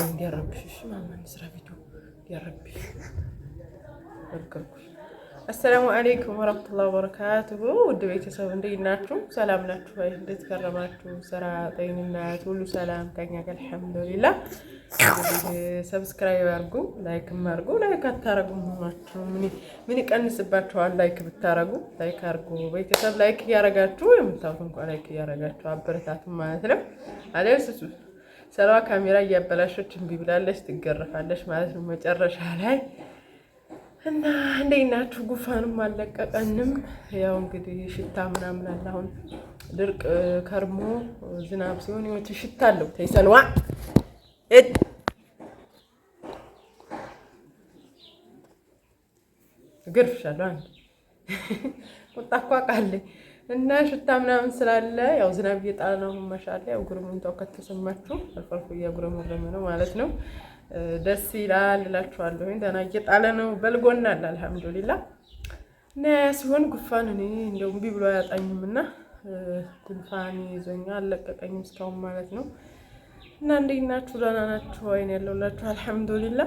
እንዲያረብሽሽ ማማን ስራ ቤቱ እንዲያረብሽ ነገርኩሽ። አሰላሙ አሌይኩም ወረህመቱላሂ ወበረካቱሁ ውድ ቤተሰብ እንዴት ናችሁ? ሰላም ናችሁ? እንዴት ከረማችሁ? ስራ፣ ጤንነት ሁሉ ሰላም ከኛ ጋር አልሐምዱሊላህ። ሰብስክራይብ አድርጉ፣ ላይክም አድርጉ። ላይክ አታረጉም ሆናችሁ ምን ይቀንስባችኋል? ላይክ ብታረጉ፣ ላይክ አድርጉ ቤተሰብ። ላይክ እያረጋችሁ የምታውቁ እንኳን ላይክ እያረጋችሁ አበረታቱ ማለት ነው አለ ስራዋ ካሜራ እያበላሾች እምቢ ብላለች፣ ትገረፋለች ማለት ነው መጨረሻ ላይ እና እንዴት ናችሁ? ጉንፋንም አልለቀቀንም። ያው እንግዲህ ሽታ ምናምን አለ። አሁን ድርቅ ከርሞ ዝናብ ሲሆን ይወት ሽታ አለው። ተይሰልዋ ግርፍሻለሁ አንድ ቁጣ እኮ አውቃለሁ እና ሽታ ምናምን ስላለ ያው ዝናብ እየጣለ ነው። መሻለ ያው ጉርምንታው ከተሰማችሁ አልፎ አልፎ እያጉረመረመ ነው ማለት ነው። ደስ ይላል እላችኋለሁ። ደህና እየጣለ ነው። በልጎና አለ አልሐምዱሊላ። እና ሲሆን ጉፋን እኔ እንደው እምቢ ብሎ አያጣኝም እና ጉንፋን ይዞኛል አልለቀቀኝም እስካሁን ማለት ነው። እና እንዴት ናችሁ? ደህና ናችሁ? አይን ያለውላችሁ አልሐምዱሊላ።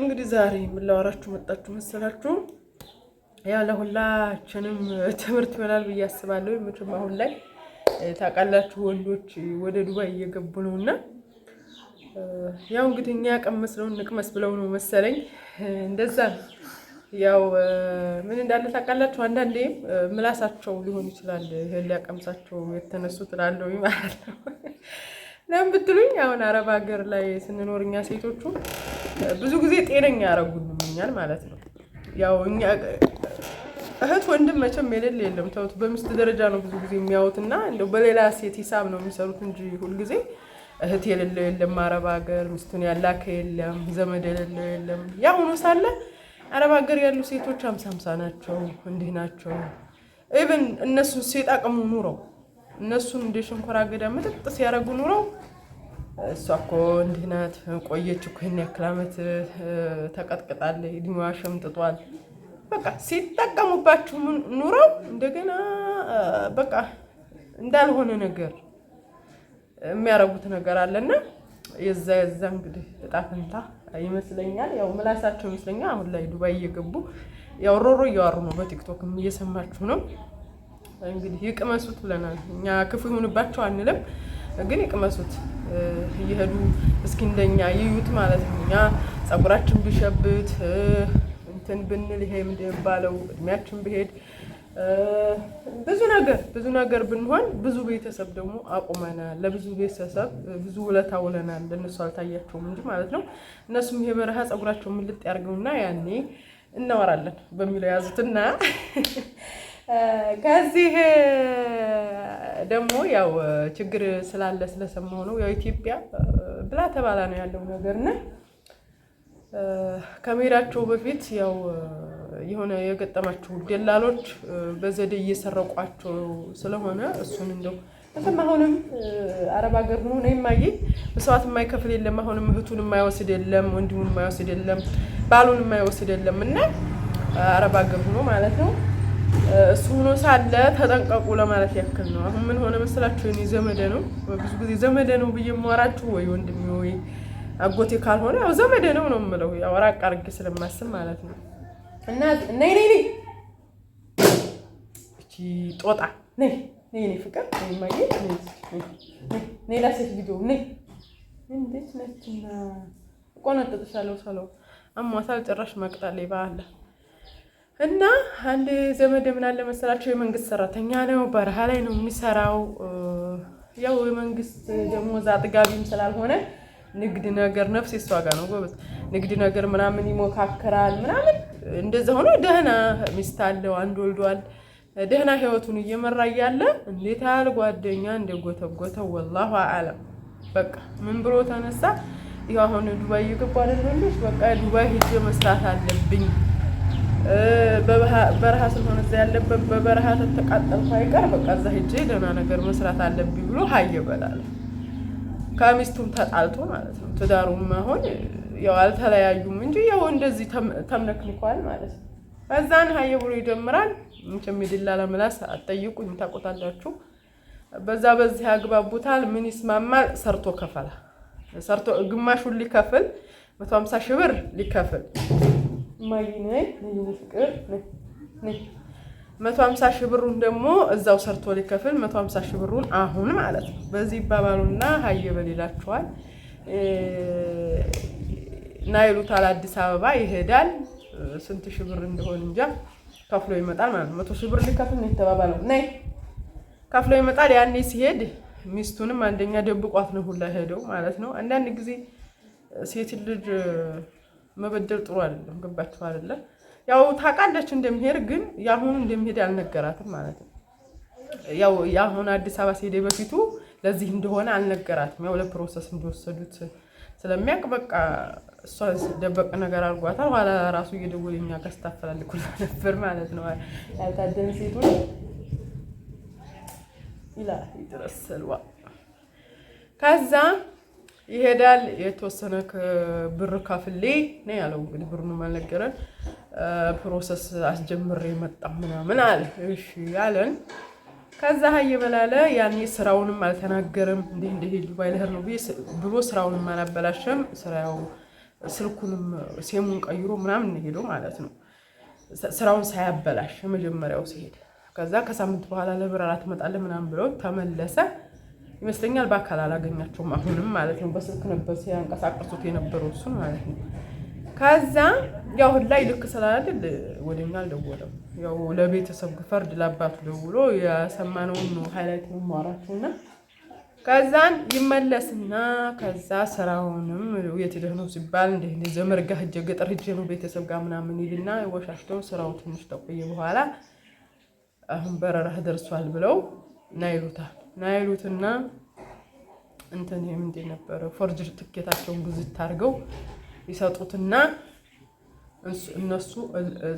እንግዲህ ዛሬ ምን መጣችሁ መሰላችሁ? ያ ለሁላችንም ትምህርት ይሆናል ብዬ አስባለሁ። መቼም አሁን ላይ ታውቃላችሁ ወንዶች ወደ ዱባይ እየገቡ ነው እና ያው እንግዲህ እኛ ነው ንቅመስ ብለው ነው መሰለኝ እንደዛ ያው ምን እንዳለ ታውቃላችሁ። አንዳንዴም ምላሳቸው ሊሆን ይችላል ይሄን ሊያቀምሳቸው የተነሱ ትላለሁ ማለት ነው። ለምን ብትሉኝ አሁን አረብ ሀገር ላይ ስንኖር እኛ ሴቶቹ ብዙ ጊዜ ጤነኛ ያረጉን እኛን ማለት ነው ያው እኛ እህት ወንድም መቼም የሌለ የለም። ተውት፣ በሚስት ደረጃ ነው ብዙ ጊዜ የሚያዩትና እንደው በሌላ ሴት ሂሳብ ነው የሚሰሩት እንጂ ሁልጊዜ እህት የሌለው የለም። አረብ ሀገር ሚስቱን ያላከ የለም፣ ዘመድ የሌለው የለም። ያ ሆኖ ሳለ አረብ ሀገር ያሉ ሴቶች ሀምሳ ሀምሳ ናቸው፣ እንዲህ ናቸው። ኢቨን እነሱን ሲጠቅሙ ኑረው እነሱን እንደ ሽንኮራ አገዳ ምጥጥ ሲያደርጉ ኑረው እሷ እኮ እንዲህ ናት፣ ቆየች እኮ ይህን ያክል ዓመት ተቀጥቅጣለች፣ እድሜዋ ሸምጥጧል በቃ ሲጠቀሙባችሁ ኑረው እንደገና በቃ እንዳልሆነ ነገር የሚያረጉት ነገር አለና የዛ የዛ እንግዲህ እጣ ፈንታ ይመስለኛል። ያው ምላሳቸው ይመስለኛል። አሁን ላይ ዱባይ እየገቡ ያው ሮሮ እያዋሩ ነው። በቲክቶክም እየሰማችሁ ነው። እንግዲህ ይቅመሱት ብለናል። እኛ ክፉ ይሁንባቸው አንልም፣ ግን ይቅመሱት እየሄዱ እስኪ እንደኛ ይዩት ማለት ነው። እኛ ጸጉራችን ቢሸብት እንትን ብንል ይሄ የሚባለው እድሜያችን ብሄድ ብዙ ነገር ብዙ ነገር ብንሆን ብዙ ቤተሰብ ደግሞ አቁመናል። ለብዙ ቤተሰብ ብዙ ውለታ ውለናል። ለእነሱ አልታያቸውም እንጂ ማለት ነው። እነሱም ይሄ በረሃ ጸጉራቸውን ምልጥ ያርገውና ያኔ እናወራለን በሚለው የያዙትና ከዚህ ደግሞ ያው ችግር ስላለ ስለሰማሁ ነው። ያው ኢትዮጵያ ብላ ተባላ ነው ያለው ነገርና ከመሄዳቸው በፊት ያው የሆነ የገጠማቸው ደላሎች በዘዴ እየሰረቋቸው ስለሆነ እሱን እንደው እንትን አሁንም አረብ ሀገር ነው የማየ መስዋዕት የማይከፍል የለም። አሁንም እህቱን የማይወስድ የለም፣ ወንድሙን የማይወስድ የለም፣ ባሉን የማይወስድ የለም። እና አረብ ሀገር ሆኖ ማለት ነው። እሱ ሆኖ ሳለ ተጠንቀቁ ለማለት ያክል ነው። አሁን ምን ሆነ መሰላችሁ? እኔ ዘመደ ነው ብዙ ጊዜ ዘመደ ነው ብዬ የማወራችሁ ወይ ወንድሜ ወይ አጎቴ ካልሆነ ያው ዘመዴ ነው ነው የምለው፣ ያው ራቅ አድርጌ ስለማስብ ማለት ነው። እና ነይ ነይ ነይ እቺ ጦጣ ነይ ነይ ነይ ፍቅር ነይ ማየ ነይ ነይ ላሴት ቪዲዮ ነይ እንዴት ነችና እቆነጥጥሻለሁ ሰለው አሟታል። ጭራሽ መቅጣል ይባላል። እና አንድ ዘመድ ምን አለ መሰላቸው የመንግስት ሰራተኛ ነው፣ በረሃ ላይ ነው የሚሰራው። ያው የመንግስት ደሞዝ አጥጋቢም ስላልሆነ ንግድ ነገር ነፍስ የሷ ጋር ነው ጎበዝ። ንግድ ነገር ምናምን ይሞካከራል ምናምን እንደዛ ሆኖ ደህና ሚስት አለው፣ አንድ ወልዷል። ደህና ህይወቱን እየመራ እያለ እንዴት ያህል ጓደኛ እንደጎተጎተው ወላሁ አለም። በቃ ምን ብሎ ተነሳ? ይህ አሁን ዱባይ እየገቡ አደለች። በቃ ዱባይ ሂጅ መስራት አለብኝ በበረሃ ስለሆነ እዛ ያለበት በበረሃ ተተቃጠልኩ አይቀር በቃ እዛ ሂጅ ደህና ነገር መስራት አለብኝ ብሎ ሀይ በላለ ከሚስቱም ተጣልቶ ማለት ነው። ትዳሩም መሆን ያው አልተለያዩም እንጂ ያው እንደዚህ ተምነክንኳል ማለት ነው። ከዛን ሀየ ብሎ ይጀምራል። ምችም የደላላ ምላስ አትጠይቁኝ፣ በዛ በዚህ ያግባቡታል። ምን ይስማማል? ሰርቶ ከፈላ ሰርቶ ግማሹን ሊከፍል መቶ ሀምሳ ሺህ ብር ሊከፍል ማይ ነይ ፍቅር 150 ሺህ ብሩን ደግሞ እዛው ሰርቶ ሊከፍል 150 ሺህ ብሩን አሁን ማለት ነው በዚህ ይባባሉና ሀየ በል ይላችኋል። ናይሉታል አዲስ አበባ ይሄዳል። ስንት ሺህ ብር እንደሆን እንጃ ከፍሎ ይመጣል ማለት ነው። መቶ ሺህ ብር ሊከፍል ነው የተባባለው። ነይ ከፍሎ ይመጣል። ያኔ ሲሄድ ሚስቱንም አንደኛ ደብቋት ነው ሁላ ሄደው ማለት ነው። አንዳንድ ጊዜ ሴት ልጅ መበደር ጥሩ አይደለም። ገባችሁ አይደለም? ያው ታውቃለች እንደሚሄድ ግን የአሁኑ እንደሚሄድ አልነገራትም ማለት ነው። ያው የአሁን አዲስ አበባ ሲሄደ በፊቱ ለዚህ እንደሆነ አልነገራትም። ያው ለፕሮሰስ እንደወሰዱት ስለሚያውቅ በቃ እሷ ደበቅ ነገር አድርጓታል። ኋላ ራሱ እየደወለ እኛ ጋር ስታፈላልኩላ ነበር ማለት ነው። ያልታደን ሴቱ ይላል ይድረሰልዋ ከዛ ይሄዳል። የተወሰነ ብር ከፍሌ ነው ያለው። እንግዲህ ብሩን አልነገረን። ፕሮሰስ አስጀምሬ መጣ ምናምን አለ። እሺ ያለን ከዛ ሀይ እየበላለ ያኔ ስራውንም አልተናገርም። እንዲህ እንዲህ ዱባይ ልሄድ ነው ብሎ ስራውንም አላበላሸም። ስራው ስልኩንም ሴሙን ቀይሮ ምናምን ሄዶ ማለት ነው። ስራውን ሳያበላሽ መጀመሪያው ሲሄድ ከዛ ከሳምንት በኋላ ለበረራ ትመጣለህ ምናምን ብለው ተመለሰ። ይመስለኛል በአካል አላገኛቸውም አሁንም ማለት ነው። በስልክ ነበር ሲያንቀሳቀሱት የነበረው እሱን ማለት ነው። ከዛ ያው ላይ ልክ ስላላድል ወደኛ አልደወለም። ያው ለቤተሰብ ግፈርድ ለአባቱ ደውሎ የሰማነውን ነው ሀይላይት ነው የማወራችሁ እና ከዛን ይመለስና ከዛ ስራውንም የት ሄደህ ነው ሲባል እንደ ዘመድ ጋ ሂጅ ገጠር ሂጅ ነው ቤተሰብ ጋር ምናምን ይልና ወሻሽቶ ስራው ትንሽ ተቆየ በኋላ አሁን በረራህ ደርሷል ብለው ና ይሉታል ናይሉትና እንትን ይሄም እንደ ነበረ ፎርጅ ትኬታቸውን ግዝት አድርገው ይሰጡትና እነሱ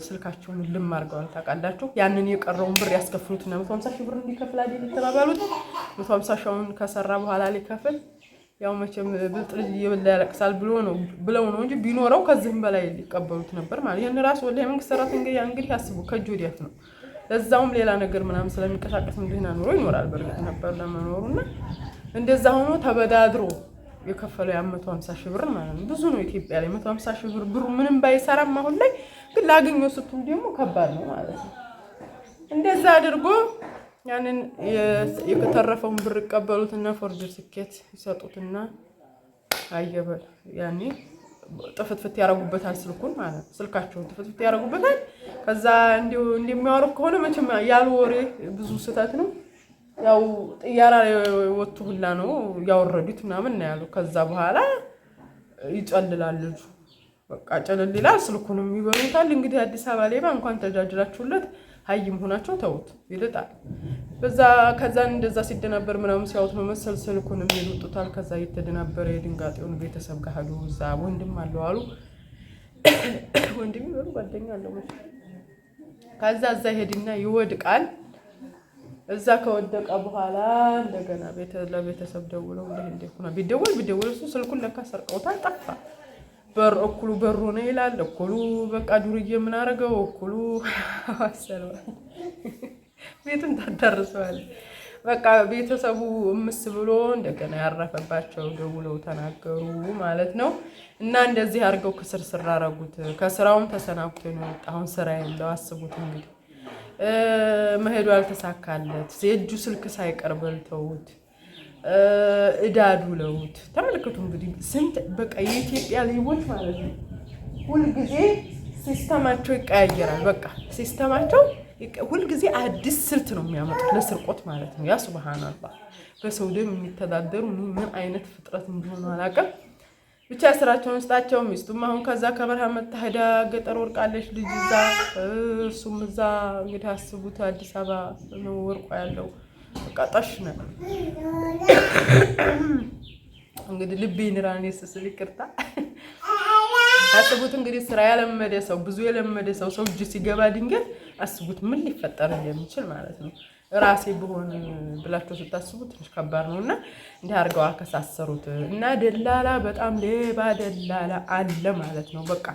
ስልካቸውን ልም አድርገዋል። ታውቃላችሁ ያንን የቀረውን ብር ያስከፍሉትና መቶ ሀምሳ ሺህ ብር እንዲከፍል አይደል የተባባሉት። መቶ ሀምሳ ሺውን ከሰራ በኋላ ሊከፍል ያው መቼም ብልጥ ልጅ እየበላ ያለቅሳል ብሎ ነው ብለው ነው እንጂ ቢኖረው ከዚህም በላይ ሊቀበሉት ነበር ማለት ይህን ራሱ ወላሂ መንግስት ሰራተኛ እንግዲህ አስቡ ከእጅ ወዲያት ነው እዛውም ሌላ ነገር ምናምን ስለሚንቀሳቀስ እንዲህና ኑሮ ይኖራል። በእርግጥ ነበር ለመኖሩ እና እንደዛ ሆኖ ተበዳድሮ የከፈለው ያን መቶ ሀምሳ ሺህ ብር ማለት ነው። ብዙ ነው ኢትዮጵያ ላይ መቶ ሀምሳ ሺህ ብር። ብሩ ምንም ባይሰራም አሁን ላይ ግን ላገኘው ስትሉ ደግሞ ከባድ ነው ማለት ነው። እንደዛ አድርጎ ያንን የተረፈውን ብር ይቀበሉትና ፎርጅ ስኬት ይሰጡትና አየበል ያኔ ጥፍትፍት ያደርጉበታል ስልኩን ማለት ነው። ስልካቸውን ጥፍትፍት ያደረጉበታል። ከዛ እንዲሁ እንደሚያወሩ ከሆነ መቼም ያሉ ወሬ ብዙ ስህተት ነው። ያው ጥያራ ወቱ ሁላ ነው ያወረዱት ምናምን ነው ያሉ። ከዛ በኋላ ይጨልላል ልጁ በቃ ጨልል ይላል። ስልኩንም ይበሩታል። እንግዲህ አዲስ አበባ ሌባ እንኳን ተጃጅላችሁለት ሀይ መሆናቸው ተውት ይልጣል። በዛ ከዛ እንደዛ ሲደናበር ምናምን ሲያወት መመሰል ስልኩን የሚሉጡታል። ከዛ የተደናበረ የድንጋጤውን ቤተሰብ ጋር ሄዱ። እዛ ወንድም አለው አሉ ወንድም ይበሉ ጓደኛ አለው። ከዛ እዛ ይሄድና ይወድቃል። እዛ ከወደቀ በኋላ እንደገና ለቤተሰብ ደውለው ቢደወል ቢደወል እሱ ስልኩን ለካ ሰርቀውታል፣ ጠፋ። በር እኩሉ በሩ ነው ይላል። እኩሉ በቃ ዱርዬ የምናደርገው እኩሉ ሰለ ቤቱን ታዳርሰዋል። በቃ ቤተሰቡ ምስ ብሎ እንደገና ያረፈባቸው ደውለው ተናገሩ ማለት ነው። እና እንደዚህ አድርገው ክስር ስር አረጉት። ከስራውም ተሰናብቶ ነው አሁን ስራ የለው። አስቡት እንግዲህ መሄዱ አልተሳካለት የእጁ ስልክ ሳይቀር በልተውት እዳዱ ለውት ተመልከቱ። እንግዲህ ስንት በቃ የኢትዮጵያ ሌቦች ማለት ነው ሁልጊዜ ሲስተማቸው ይቀያየራል። በቃ ሲስተማቸው ሁልጊዜ አዲስ ስልት ነው የሚያመጡት ለስርቆት ማለት ነው። ያ ሱብሃናላ በሰው ደም የሚተዳደሩ ምን አይነት ፍጥረት እንደሆኑ አላውቅም። ብቻ ስራቸውን ውስጣቸው ሚስቱም አሁን ከዛ ከበረሃ መታሄዳ ገጠር ወርቃለች ልጅ እዛ እሱም እዛ እንግዲህ አስቡት አዲስ አበባ ነው ወርቆ ያለው ቃጣሽ ነበር። እንግዲህ ልቤ ንራኔ ስስል ይቅርታ አስቡት እንግዲህ ስራ ያለመደ ሰው ብዙ የለመደ ሰው ሰው እጅ ሲገባ ድንገት አስቡት ምን ሊፈጠር እንደሚችል ማለት ነው። ራሴ በሆን ብላቸው ስታስቡ ትንሽ ከባድ ነው እና እንዲህ አድርገው አከሳሰሩት እና ደላላ በጣም ሌባ ደላላ አለ ማለት ነው። በቃ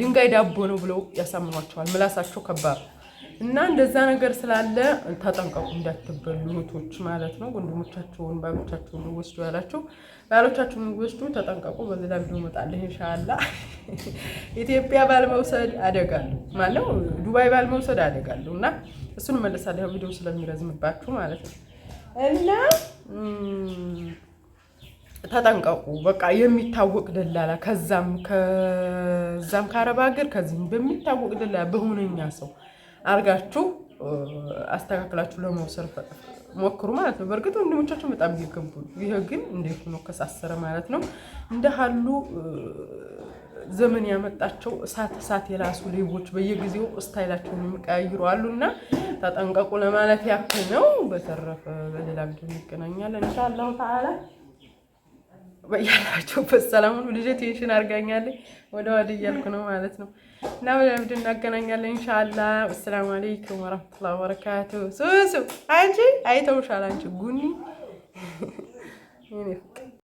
ድንጋይ ዳቦ ነው ብለው ያሳምኗቸዋል። ምላሳቸው ከባድ ነው። እና እንደዛ ነገር ስላለ ተጠንቀቁ እንዳትበሉ እህቶች ማለት ነው። ወንድሞቻቸውን ባሎቻቸውን ወስዱ ያላቸው ባሎቻቸውን ወስዱ፣ ተጠንቀቁ። በሌላ ቪዲዮ እመጣለሁ ኢንሻአላ። ኢትዮጵያ ባልመውሰድ አደጋለሁ ማለው ዱባይ ባልመውሰድ አደጋለሁ እና እሱን መለሳለሁ ቪዲዮ ስለሚረዝምባችሁ ማለት ነው። እና ተጠንቀቁ በቃ የሚታወቅ ደላላ ከዛም ከዛም ከአረብ ሀገር ከዚህም በሚታወቅ ደላላ በሆነኛ ሰው አርጋችሁ አስተካክላችሁ ለመውሰድ ሞክሩ ማለት ነው። በእርግጥ ወንድሞቻችን በጣም እየገቡ ነው። ይህ ግን እንዴት ሆኖ ከሳሰረ ማለት ነው። እንደ ሀሉ ዘመን ያመጣቸው እሳት እሳት የላሱ ሌቦች በየጊዜው ስታይላቸውን የሚቀያይሩ አሉ እና ተጠንቀቁ ለማለት ያክል ነው። በተረፈ በሌላ ጊዜ እንገናኛለን ኢንሻአላሁ ተዓላ። በያላቸውበት ሰላም ሁኑ። ልጄ ቴንሽን አድርጋኛለች። ወደ ወደ እያልኩ ነው ማለት ነው። እና በደምብ እናገናኛለን ኢንሻአላ። ወሰላሙ አለይኩም ወራህመቱላሂ ወበረካቱ። ሱሱ አንቺ አይተውሻል። አንቺ ጉኒ